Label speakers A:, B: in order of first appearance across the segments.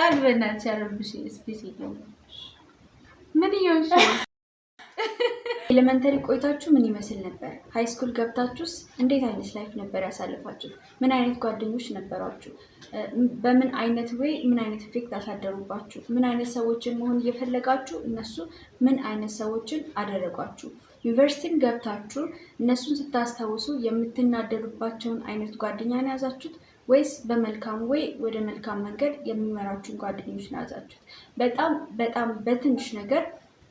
A: ቃል በእናት ያረብሽ ስፔስ የለም። ምን እየሆንሽ
B: ኤሌመንተሪ ቆይታችሁ ምን ይመስል ነበር? ሀይ ስኩል ገብታችሁስ እንዴት አይነት ላይፍ ነበር ያሳልፋችሁ? ምን አይነት ጓደኞች ነበሯችሁ? በምን አይነት ወይ ምን አይነት ኢፌክት አሳደሩባችሁ? ምን አይነት ሰዎችን መሆን እየፈለጋችሁ እነሱ ምን አይነት ሰዎችን አደረጓችሁ? ዩኒቨርሲቲም ገብታችሁ እነሱን ስታስታውሱ የምትናደዱባቸውን አይነት ጓደኛን ያዛችሁት? ወይስ በመልካም ወይ ወደ መልካም መንገድ የሚመራችሁን ጓደኞች ናዛችሁት? በጣም በጣም በትንሽ ነገር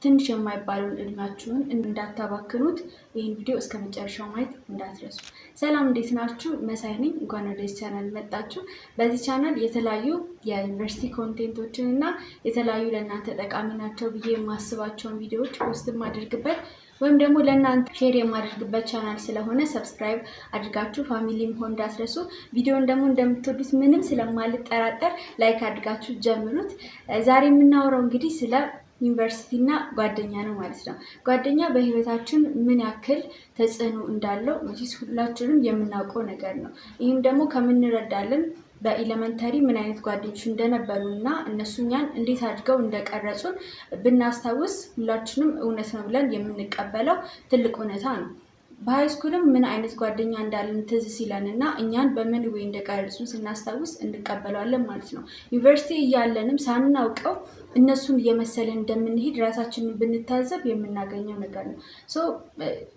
B: ትንሽ የማይባለውን እድሜያችሁን እንዳታባክኑት ይህን ቪዲዮ እስከ መጨረሻው ማየት እንዳትረሱ። ሰላም እንዴት ናችሁ? መሳይ ነኝ። እንኳን ወደ ቻናል መጣችሁ። በዚህ ቻናል የተለያዩ የዩኒቨርሲቲ ኮንቴንቶችን እና የተለያዩ ለእናንተ ጠቃሚ ናቸው ብዬ የማስባቸውን ቪዲዮዎች ውስጥ የማደርግበት ወይም ደግሞ ለእናንተ ሼር የማደርግበት ቻናል ስለሆነ ሰብስክራይብ አድርጋችሁ ፋሚሊ መሆን እንዳስረሱ ቪዲዮን ደግሞ እንደምትወዱት ምንም ስለማልጠራጠር ላይክ አድርጋችሁ ጀምሩት። ዛሬ የምናወራው እንግዲህ ስለ ዩኒቨርሲቲ እና ጓደኛ ነው ማለት ነው። ጓደኛ በህይወታችን ምን ያክል ተጽዕኖ እንዳለው መቼስ ሁላችንም የምናውቀው ነገር ነው። ይህም ደግሞ ከምንረዳለን በኢለመንተሪ ምን አይነት ጓደኞች እንደነበሩ እና እነሱ እኛን እንዴት አድርገው እንደቀረጹን ብናስታውስ ሁላችንም እውነት ነው ብለን የምንቀበለው ትልቅ እውነታ ነው። በሃይስኩልም ምን አይነት ጓደኛ እንዳለን ትዝ ሲለን እና እኛን በምን ወይ እንደቀረጹን ስናስታውስ እንቀበለዋለን ማለት ነው። ዩኒቨርሲቲ እያለንም ሳናውቀው እነሱን እየመሰለን እንደምንሄድ ራሳችንን ብንታዘብ የምናገኘው ነገር ነው። ሶ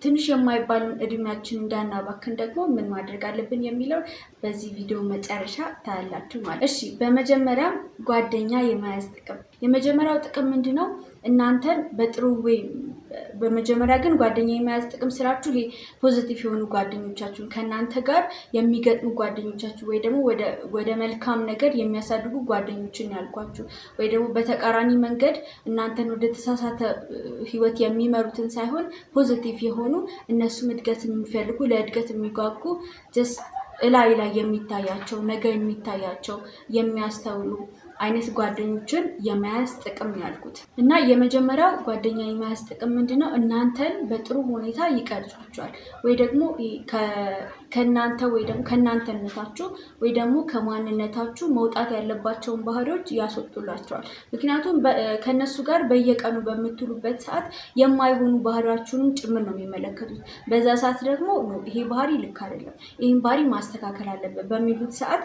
B: ትንሽ የማይባሉን እድሜያችን እንዳናባክን ደግሞ ምን ማድረግ አለብን የሚለው በዚህ ቪዲዮ መጨረሻ ታያላችሁ ማለት እሺ። በመጀመሪያ ጓደኛ የመያዝ ጥቅም፣ የመጀመሪያው ጥቅም ምንድን ነው? እናንተን በጥሩ ወይም በመጀመሪያ ግን ጓደኛ የመያዝ ጥቅም ስራችሁ ይሄ ፖዚቲቭ የሆኑ ጓደኞቻችሁን ከእናንተ ጋር የሚገጥሙ ጓደኞቻችሁ ወይ ደግሞ ወደ መልካም ነገር የሚያሳድጉ ጓደኞችን ያልኳችሁ ወይ ደግሞ በተቃራኒ መንገድ እናንተን ወደ ተሳሳተ ህይወት የሚመሩትን ሳይሆን ፖዘቲቭ የሆኑ እነሱም እድገት የሚፈልጉ ለእድገት የሚጓጉ ጀስት እላይ ላይ የሚታያቸው ነገር የሚታያቸው የሚያስተውሉ አይነት ጓደኞችን የመያዝ ጥቅም ያልኩት እና የመጀመሪያው ጓደኛ የመያዝ ጥቅም ምንድነው? እናንተን በጥሩ ሁኔታ ይቀርጻችኋል ወይ ደግሞ ከእናንተ ወይ ደግሞ ከእናንተነታችሁ ወይ ደግሞ ከማንነታችሁ መውጣት ያለባቸውን ባህሪዎች ያስወጡላቸዋል። ምክንያቱም ከእነሱ ጋር በየቀኑ በምትሉበት ሰዓት የማይሆኑ ባህሪያችሁንም ጭምር ነው የሚመለከቱት። በዛ ሰዓት ደግሞ ይሄ ባህሪ ልክ አይደለም፣ ይህም ባህሪ ማስተካከል አለበት በሚሉት ሰዓት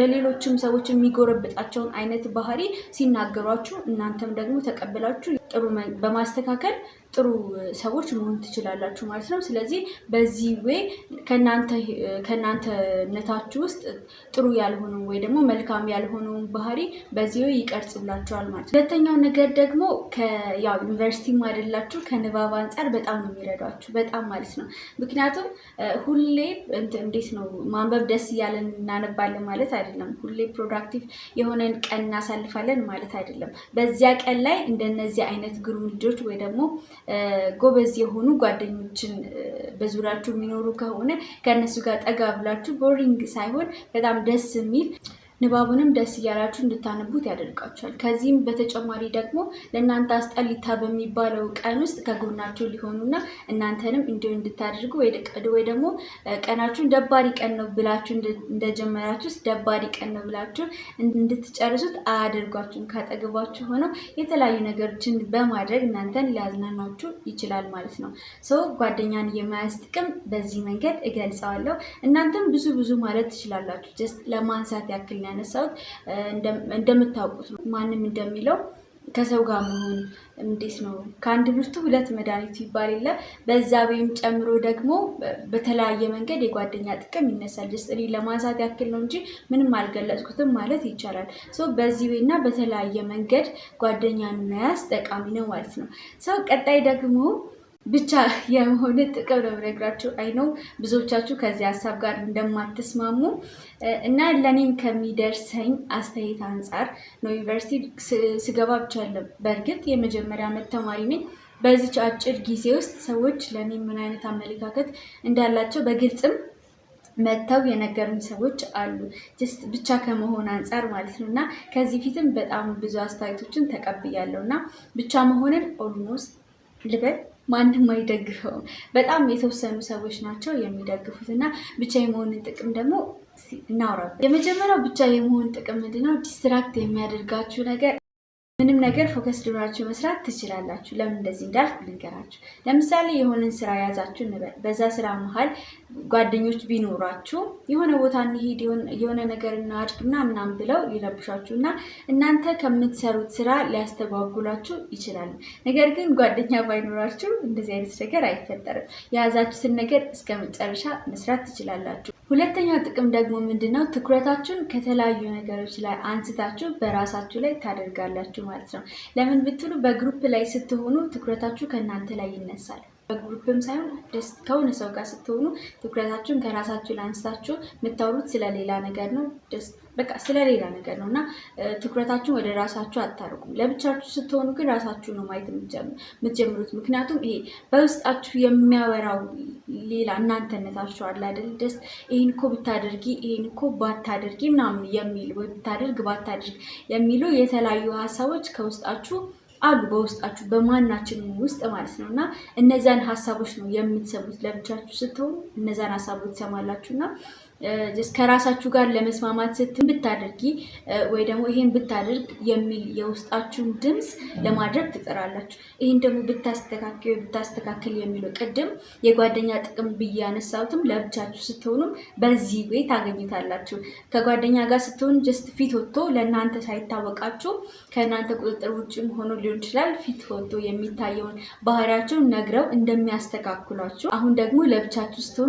B: ለሌሎችም ሰዎች የሚጎረብጣቸውን ያላቸውን አይነት ባህሪ ሲናገሯችሁ እናንተም ደግሞ ተቀብላችሁ ጥሩ በማስተካከል ጥሩ ሰዎች መሆን ትችላላችሁ ማለት ነው። ስለዚህ በዚህ ወይ ከእናንተነታችሁ ውስጥ ጥሩ ያልሆኑ ወይ ደግሞ መልካም ያልሆኑ ባህሪ በዚህ ወይ ይቀርጽላችኋል ማለት ነው። ሁለተኛው ነገር ደግሞ ያው ዩኒቨርሲቲም አይደላችሁ ከንባብ አንጻር በጣም ነው የሚረዷችሁ በጣም ማለት ነው። ምክንያቱም ሁሌ እንዴት ነው ማንበብ ደስ እያለን እናነባለን ማለት አይደለም። ሁሌ ፕሮዳክቲቭ የሆነን ቀን እናሳልፋለን ማለት አይደለም። በዚያ ቀን ላይ እንደነዚህ አይነት ግሩም ልጆች ወይ ደግሞ ጎበዝ የሆኑ ጓደኞችን በዙሪያችሁ የሚኖሩ ከሆነ ከእነሱ ጋር ጠጋ ብላችሁ ቦሪንግ ሳይሆን በጣም ደስ የሚል ንባቡንም ደስ እያላችሁ እንድታነቡት ያደርጋችኋል። ከዚህም በተጨማሪ ደግሞ ለእናንተ አስጠሊታ በሚባለው ቀን ውስጥ ከጎናችሁ ሊሆኑና እናንተንም እንዲሁ እንድታደርጉ ወይ ደግሞ ቀናችሁን ደባሪ ቀን ነው ብላችሁ እንደጀመራችሁ ውስጥ ደባሪ ቀን ነው ብላችሁ እንድትጨርሱት አያደርጓችሁም። ካጠገባችሁ ሆነው የተለያዩ ነገሮችን በማድረግ እናንተን ሊያዝናናችሁ ይችላል ማለት ነው። ሰው ጓደኛን የመያዝ ጥቅም በዚህ መንገድ እገልጸዋለሁ። እናንተም ብዙ ብዙ ማለት ትችላላችሁ። ጀስት ለማንሳት ያክል ያነሳሁት እንደምታውቁት ማንም እንደሚለው ከሰው ጋር መሆን እንዴት ነው ከአንድ ብርቱ ሁለት መድኃኒቱ ይባል የለ። በዛ ወይም ጨምሮ ደግሞ በተለያየ መንገድ የጓደኛ ጥቅም ይነሳል። ስ እኔ ለማንሳት ያክል ነው እንጂ ምንም አልገለጽኩትም ማለት ይቻላል። ሰው በዚህ ወይና በተለያየ መንገድ ጓደኛን መያዝ ጠቃሚ ነው ማለት ነው። ሰው ቀጣይ ደግሞ ብቻ የሆነ ጥቅም ነው የምነግራችሁ። አይ ነው ብዙዎቻችሁ ከዚህ ሀሳብ ጋር እንደማትስማሙ እና ለእኔም ከሚደርሰኝ አስተያየት አንጻር ነው ዩኒቨርሲቲ ስገባ ብቻ አለም። በእርግጥ የመጀመሪያ ዓመት ተማሪ ነኝ። በዚች አጭር ጊዜ ውስጥ ሰዎች ለእኔ ምን አይነት አመለካከት እንዳላቸው በግልጽም መጥተው የነገሩኝ ሰዎች አሉ። ጀስት ብቻ ከመሆን አንጻር ማለት ነው እና ከዚህ ፊትም በጣም ብዙ አስተያየቶችን ተቀብያለሁ እና ብቻ መሆንን ኦልሞስት ልበል ማንም አይደግፈውም። በጣም የተወሰኑ ሰዎች ናቸው የሚደግፉት እና ብቻ የመሆንን ጥቅም ደግሞ እናውራበት የመጀመሪያው ብቻ የመሆን ጥቅም ምንድነው? ዲስትራክት የሚያደርጋችሁ ነገር ምንም ነገር ፎከስ ድሯችሁ መስራት ትችላላችሁ። ለምን እንደዚህ እንዳልኩ ልንገራችሁ። ለምሳሌ የሆነን ስራ የያዛችሁ እንበል። በዛ ስራ መሀል ጓደኞች ቢኖሯችሁ የሆነ ቦታ እንሂድ፣ የሆነ ነገር እናድርግና ምናምን ብለው ሊረብሻችሁ እና እናንተ ከምትሰሩት ስራ ሊያስተጓጉላችሁ ይችላሉ። ነገር ግን ጓደኛ ባይኖራችሁ እንደዚህ አይነት ነገር አይፈጠርም። የያዛችሁትን ነገር እስከ መጨረሻ መስራት ትችላላችሁ። ሁለተኛው ጥቅም ደግሞ ምንድን ነው? ትኩረታችሁን ከተለያዩ ነገሮች ላይ አንስታችሁ በራሳችሁ ላይ ታደርጋላችሁ ማለት ነው። ለምን ብትሉ በግሩፕ ላይ ስትሆኑ ትኩረታችሁ ከእናንተ ላይ ይነሳል። በግሩፕም ሳይሆን ደስ ከሆነ ሰው ጋር ስትሆኑ ትኩረታችሁን ከራሳችሁ ላንስታችሁ የምታወሩት ስለሌላ ነገር ነው። በቃ ስለሌላ ነገር ነው እና ትኩረታችሁን ወደ ራሳችሁ አታርቁም። ለብቻችሁ ስትሆኑ ግን ራሳችሁ ነው ማየት የምትጀምሩት። ምክንያቱም ይሄ በውስጣችሁ የሚያወራው ሌላ እናንተነታችሁ አለ አይደል? ደስ ይህን እኮ ብታደርጊ፣ ይህን እኮ ባታደርጊ ምናምን የሚል ወይ ብታደርግ ባታደርግ የሚሉ የተለያዩ ሀሳቦች ከውስጣችሁ አሉ በውስጣችሁ በማናችንም ውስጥ ማለት ነው። እና እነዚያን ሀሳቦች ነው የምትሰሙት። ለብቻችሁ ስትሆኑ እነዚን ሀሳቦች ትሰማላችሁ እና ከራሳችሁ ጋር ለመስማማት ስትን ብታደርጊ ወይ ደግሞ ይሄን ብታደርግ የሚል የውስጣችሁን ድምፅ ለማድረግ ትጥራላችሁ። ይህን ደግሞ ብታስተካክል ብታስተካክል የሚለው ቅድም የጓደኛ ጥቅም ብዬ ያነሳሁትም ለብቻችሁ ስትሆኑም በዚህ ወይ ታገኝታላችሁ። ከጓደኛ ጋር ስትሆኑ ጀስት ፊት ወጥቶ ለእናንተ ሳይታወቃችሁ ከእናንተ ቁጥጥር ውጭም ሆኖ ሊሆን ይችላል። ፊት ወጥቶ የሚታየውን ባህሪያቸውን ነግረው እንደሚያስተካክሏችሁ፣ አሁን ደግሞ ለብቻችሁ ስትሆኑ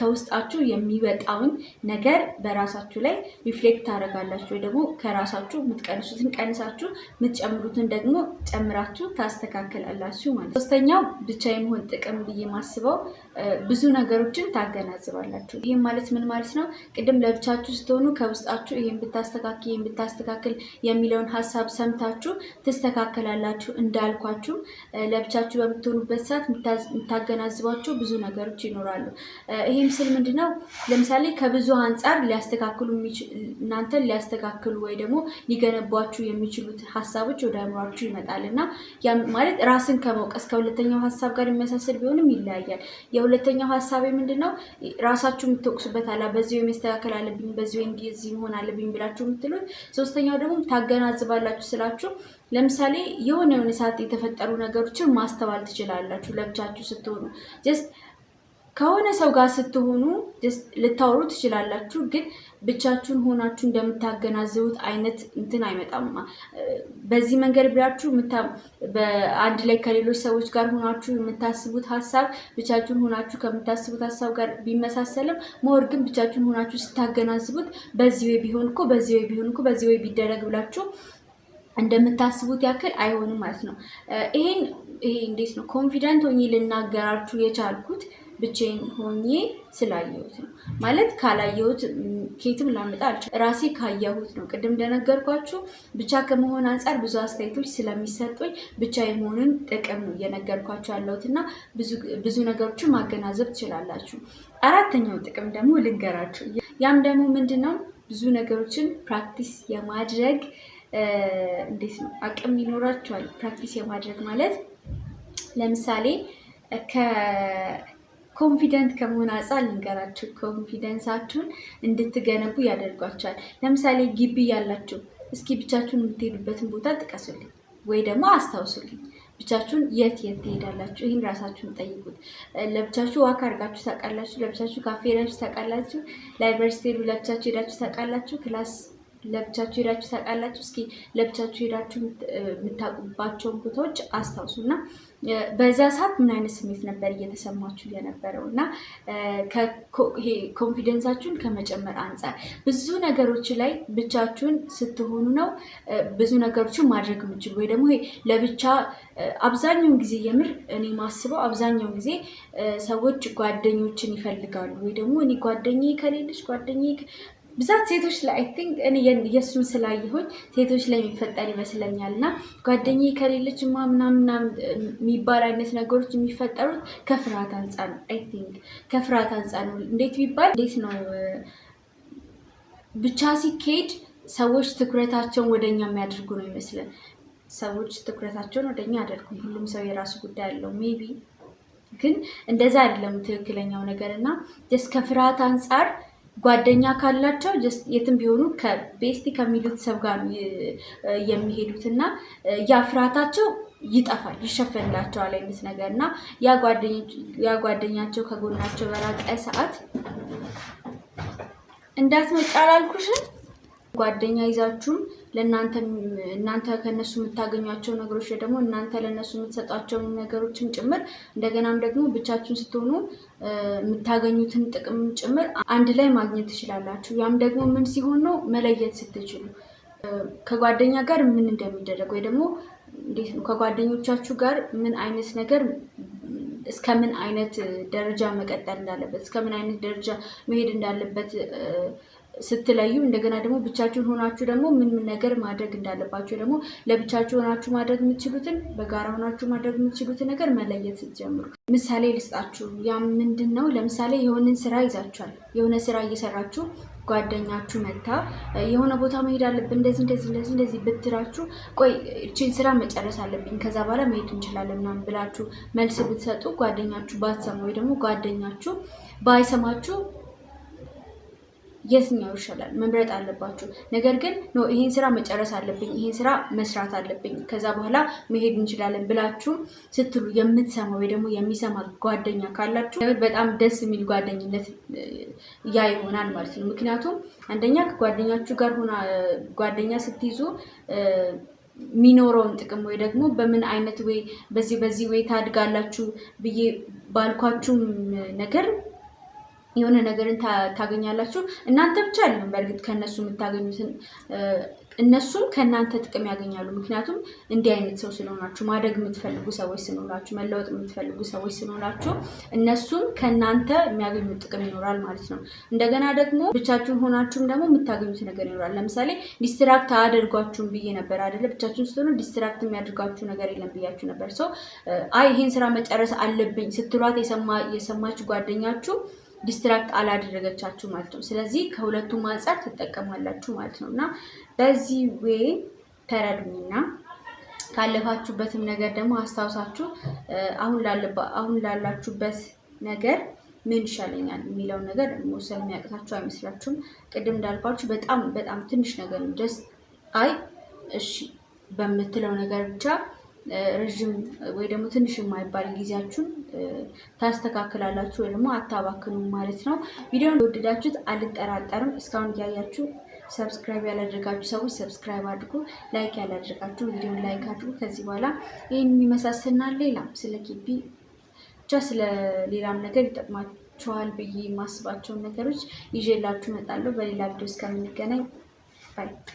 B: ከውስጣችሁ የሚወጣውን የሚለውን ነገር በራሳችሁ ላይ ሪፍሌክት ታደርጋላችሁ ወይ ደግሞ ከራሳችሁ የምትቀንሱትን ቀንሳችሁ የምትጨምሩትን ደግሞ ጨምራችሁ ታስተካክላላችሁ ማለት ነው። ሶስተኛው ብቻ የመሆን ጥቅም ብዬ ማስበው ብዙ ነገሮችን ታገናዝባላችሁ። ይህም ማለት ምን ማለት ነው? ቅድም ለብቻችሁ ስትሆኑ ከውስጣችሁ ይህን ብታስተካክል ይህን ብታስተካክል የሚለውን ሀሳብ ሰምታችሁ ትስተካከላላችሁ። እንዳልኳችሁ ለብቻችሁ በምትሆኑበት ሰዓት የምታገናዝባቸው ብዙ ነገሮች ይኖራሉ። ይህም ስል ምንድነው ለምሳሌ ከብዙ አንጻር ሊያስተካክሉ እናንተን ሊያስተካክሉ ወይ ደግሞ ሊገነቧችሁ የሚችሉት ሀሳቦች ወደ አእምሯችሁ ይመጣል እና ማለት ራስን ከመውቀስ ከሁለተኛው ሀሳብ ጋር የሚመሳሰል ቢሆንም ይለያያል። የሁለተኛው ሀሳብ ምንድን ነው? ራሳችሁ የምትወቅሱበት አላ በዚህ ወይ አለብኝ፣ በዚህ ወይ እንዲህ መሆን አለብኝ ብላችሁ የምትሉት። ሶስተኛው ደግሞ ታገናዝባላችሁ ስላችሁ ለምሳሌ የሆነ የሆነ ሰዓት የተፈጠሩ ነገሮችን ማስተዋል ትችላላችሁ ለብቻችሁ ስትሆኑ ጀስት ከሆነ ሰው ጋር ስትሆኑ ልታወሩ ትችላላችሁ፣ ግን ብቻችሁን ሆናችሁ እንደምታገናዝቡት አይነት እንትን አይመጣም። በዚህ መንገድ ብላችሁ በአንድ ላይ ከሌሎች ሰዎች ጋር ሆናችሁ የምታስቡት ሀሳብ ብቻችሁን ሆናችሁ ከምታስቡት ሀሳብ ጋር ቢመሳሰልም መወር ግን ብቻችሁን ሆናችሁ ስታገናዝቡት በዚህ ወይ ቢሆን እኮ በዚህ ወይ ቢሆን እኮ በዚህ ወይ ቢደረግ ብላችሁ እንደምታስቡት ያክል አይሆንም ማለት ነው። ይሄን ይሄ እንዴት ነው ኮንፊደንት ሆኜ ልናገራችሁ የቻልኩት ብቻዬን ሆኜ ስላየሁት ነው። ማለት ካላየሁት ኬትም ላመጣ አልችል ራሴ ካየሁት ነው። ቅድም እንደነገርኳችሁ ብቻ ከመሆን አንጻር ብዙ አስተያየቶች ስለሚሰጡኝ ብቻ የመሆንን ጥቅም ነው እየነገርኳችሁ ያለሁት እና ብዙ ነገሮችን ማገናዘብ ትችላላችሁ። አራተኛው ጥቅም ደግሞ ልንገራችሁ። ያም ደግሞ ምንድን ነው? ብዙ ነገሮችን ፕራክቲስ የማድረግ እንዴት ነው አቅም ይኖራችኋል። ፕራክቲስ የማድረግ ማለት ለምሳሌ ኮንፊደንት ከመሆን አንጻር ልንገራችሁ፣ ኮንፊደንሳችሁን እንድትገነቡ ያደርጓቸዋል። ለምሳሌ ግቢ ያላችሁ እስኪ ብቻችሁን የምትሄዱበትን ቦታ ጥቀሱልኝ ወይ ደግሞ አስታውሱልኝ። ብቻችሁን የት የት ትሄዳላችሁ? ይህን ራሳችሁን ጠይቁት። ለብቻችሁ ዋክ አድርጋችሁ ታውቃላችሁ? ለብቻችሁ ካፌ ሄዳችሁ ታውቃላችሁ? ላይብረሪ ስትሄዱ ለብቻችሁ ሄዳችሁ ታውቃላችሁ? ክላስ ለብቻችሁ ሄዳችሁ ታውቃላችሁ? እስኪ ለብቻችሁ ሄዳችሁ የምታውቁባቸውን ቦታዎች አስታውሱ እና በዛ ሰዓት ምን አይነት ስሜት ነበር እየተሰማችሁ የነበረው እና ኮንፊደንሳችሁን ከመጨመር አንጻር ብዙ ነገሮች ላይ ብቻችሁን ስትሆኑ ነው ብዙ ነገሮችን ማድረግ የምችሉ ወይ ደግሞ ለብቻ አብዛኛውን ጊዜ የምር እኔ ማስበው አብዛኛውን ጊዜ ሰዎች ጓደኞችን ይፈልጋሉ ወይ ደግሞ እኔ ጓደኛዬ ከሌለች ጓደኛዬ ብዛት ሴቶች ላይ አይ ቲንክ እኔ የእሱን ስላየሁኝ ሴቶች ላይ የሚፈጠር ይመስለኛል። እና ጓደኛዬ ከሌለች ማ ምናምናም የሚባል አይነት ነገሮች የሚፈጠሩት ከፍርሃት አንጻር ነው። አይ ቲንክ ከፍርሃት አንጻር ነው። እንዴት ቢባል እንዴት ነው ብቻ ሲካሄድ ሰዎች ትኩረታቸውን ወደኛ የሚያደርጉ ነው ይመስለን። ሰዎች ትኩረታቸውን ወደኛ አደርጉ ሁሉም ሰው የራሱ ጉዳይ አለው ሜቢ ግን እንደዛ አይደለም ትክክለኛው ነገር እና ከፍርሃት አንጻር ጓደኛ ካላቸው የትም ቢሆኑ ከቤስቲ ከሚሉት ሰብ ጋር የሚሄዱት እና ያ ፍርሃታቸው ይጠፋል፣ ይሸፈንላቸዋል አይነት ነገር እና ያ ጓደኛቸው ከጎናቸው በራቀ ሰዓት እንዳትመጪ አላልኩሽን ጓደኛ ይዛችሁም ለእናንተ እናንተ ከእነሱ የምታገኟቸው ነገሮች ደግሞ እናንተ ለእነሱ የምትሰጧቸው ነገሮችን ጭምር እንደገናም ደግሞ ብቻችሁን ስትሆኑ የምታገኙትን ጥቅም ጭምር አንድ ላይ ማግኘት ትችላላችሁ። ያም ደግሞ ምን ሲሆን ነው መለየት ስትችሉ ከጓደኛ ጋር ምን እንደሚደረግ ወይ ደግሞ እንዴት ነው ከጓደኞቻችሁ ጋር ምን አይነት ነገር እስከ ምን አይነት ደረጃ መቀጠል እንዳለበት እስከ ምን አይነት ደረጃ መሄድ እንዳለበት ስትለዩ እንደገና ደግሞ ብቻችሁን ሆናችሁ ደግሞ ምን ምን ነገር ማድረግ እንዳለባችሁ ደግሞ ለብቻችሁ ሆናችሁ ማድረግ የምትችሉትን በጋራ ሆናችሁ ማድረግ የምትችሉትን ነገር መለየት ስትጀምሩ። ምሳሌ ልስጣችሁ። ያ ምንድን ነው? ለምሳሌ የሆነን ስራ ይዛችኋል። የሆነ ስራ እየሰራችሁ ጓደኛችሁ መታ የሆነ ቦታ መሄድ አለብን እንደዚህ እንደዚህ እንደዚህ እንደዚህ ብትራችሁ፣ ቆይ እችን ስራ መጨረስ አለብኝ ከዛ በኋላ መሄድ እንችላለን ምናምን ብላችሁ መልስ ብትሰጡ ጓደኛችሁ ባትሰማ ወይ ደግሞ ጓደኛችሁ ባይሰማችሁ የትኛው ይሻላል መምረጥ አለባችሁ። ነገር ግን ኖ ስራ መጨረስ አለብኝ፣ ይህን ስራ መስራት አለብኝ፣ ከዛ በኋላ መሄድ እንችላለን ብላችሁ ስትሉ የምትሰማ ወይ ደግሞ የሚሰማ ጓደኛ ካላችሁ በጣም ደስ የሚል ጓደኝነት ያ ይሆናል ማለት ነው። ምክንያቱም አንደኛ ከጓደኛችሁ ጋር ሆና ጓደኛ ስትይዙ የሚኖረውን ጥቅም ወይ ደግሞ በምን አይነት ወይ በዚህ በዚህ ወይ ታድጋላችሁ ብዬ ባልኳችሁም ነገር የሆነ ነገርን ታገኛላችሁ። እናንተ ብቻ አይደለም በእርግጥ ከእነሱ የምታገኙትን እነሱም ከእናንተ ጥቅም ያገኛሉ። ምክንያቱም እንዲህ አይነት ሰው ስለሆናችሁ፣ ማደግ የምትፈልጉ ሰዎች ስለሆናችሁ፣ መለወጥ የምትፈልጉ ሰዎች ስለሆናችሁ እነሱም ከእናንተ የሚያገኙት ጥቅም ይኖራል ማለት ነው። እንደገና ደግሞ ብቻችሁን ሆናችሁም ደግሞ የምታገኙት ነገር ይኖራል። ለምሳሌ ዲስትራክት አያደርጓችሁም ብዬ ነበር አይደለ? ብቻችሁን ስትሆኑ ዲስትራክት የሚያደርጓችሁ ነገር የለም ብያችሁ ነበር። ሰው አይ ይህን ስራ መጨረስ አለብኝ ስትሏት የሰማች ጓደኛችሁ ዲስትራክት አላደረገቻችሁ ማለት ነው። ስለዚህ ከሁለቱም አንጻር ትጠቀማላችሁ ማለት ነው እና በዚህ ዌይ ተረዱኝና ካለፋችሁበትም ነገር ደግሞ አስታውሳችሁ አሁን ላላችሁበት ነገር ምን ይሻለኛል የሚለውን ነገር መውሰድ የሚያቅታችሁ አይመስላችሁም። ቅድም እንዳልኳችሁ በጣም በጣም ትንሽ ነገር ደስ አይ እሺ በምትለው ነገር ብቻ ረዥም ወይ ደግሞ ትንሽ የማይባል ጊዜያችሁን ታስተካክላላችሁ ወይ ደግሞ አታባክኑ ማለት ነው። ቪዲዮን ወደዳችሁት አልጠራጠርም። እስካሁን እያያችሁ ሰብስክራይብ ያላደረጋችሁ ሰዎች ሰብስክራይብ አድርጉ፣ ላይክ ያላደረጋችሁ ቪዲዮን ላይክ አድርጉ። ከዚህ በኋላ ይህን የሚመሳሰልና ሌላም ስለ ኬቢ ብቻ ስለ ሌላም ነገር ይጠቅማችኋል ብዬ የማስባቸውን ነገሮች ይዤላችሁ እመጣለሁ። በሌላ ቪዲዮ እስከምንገናኝ ባይ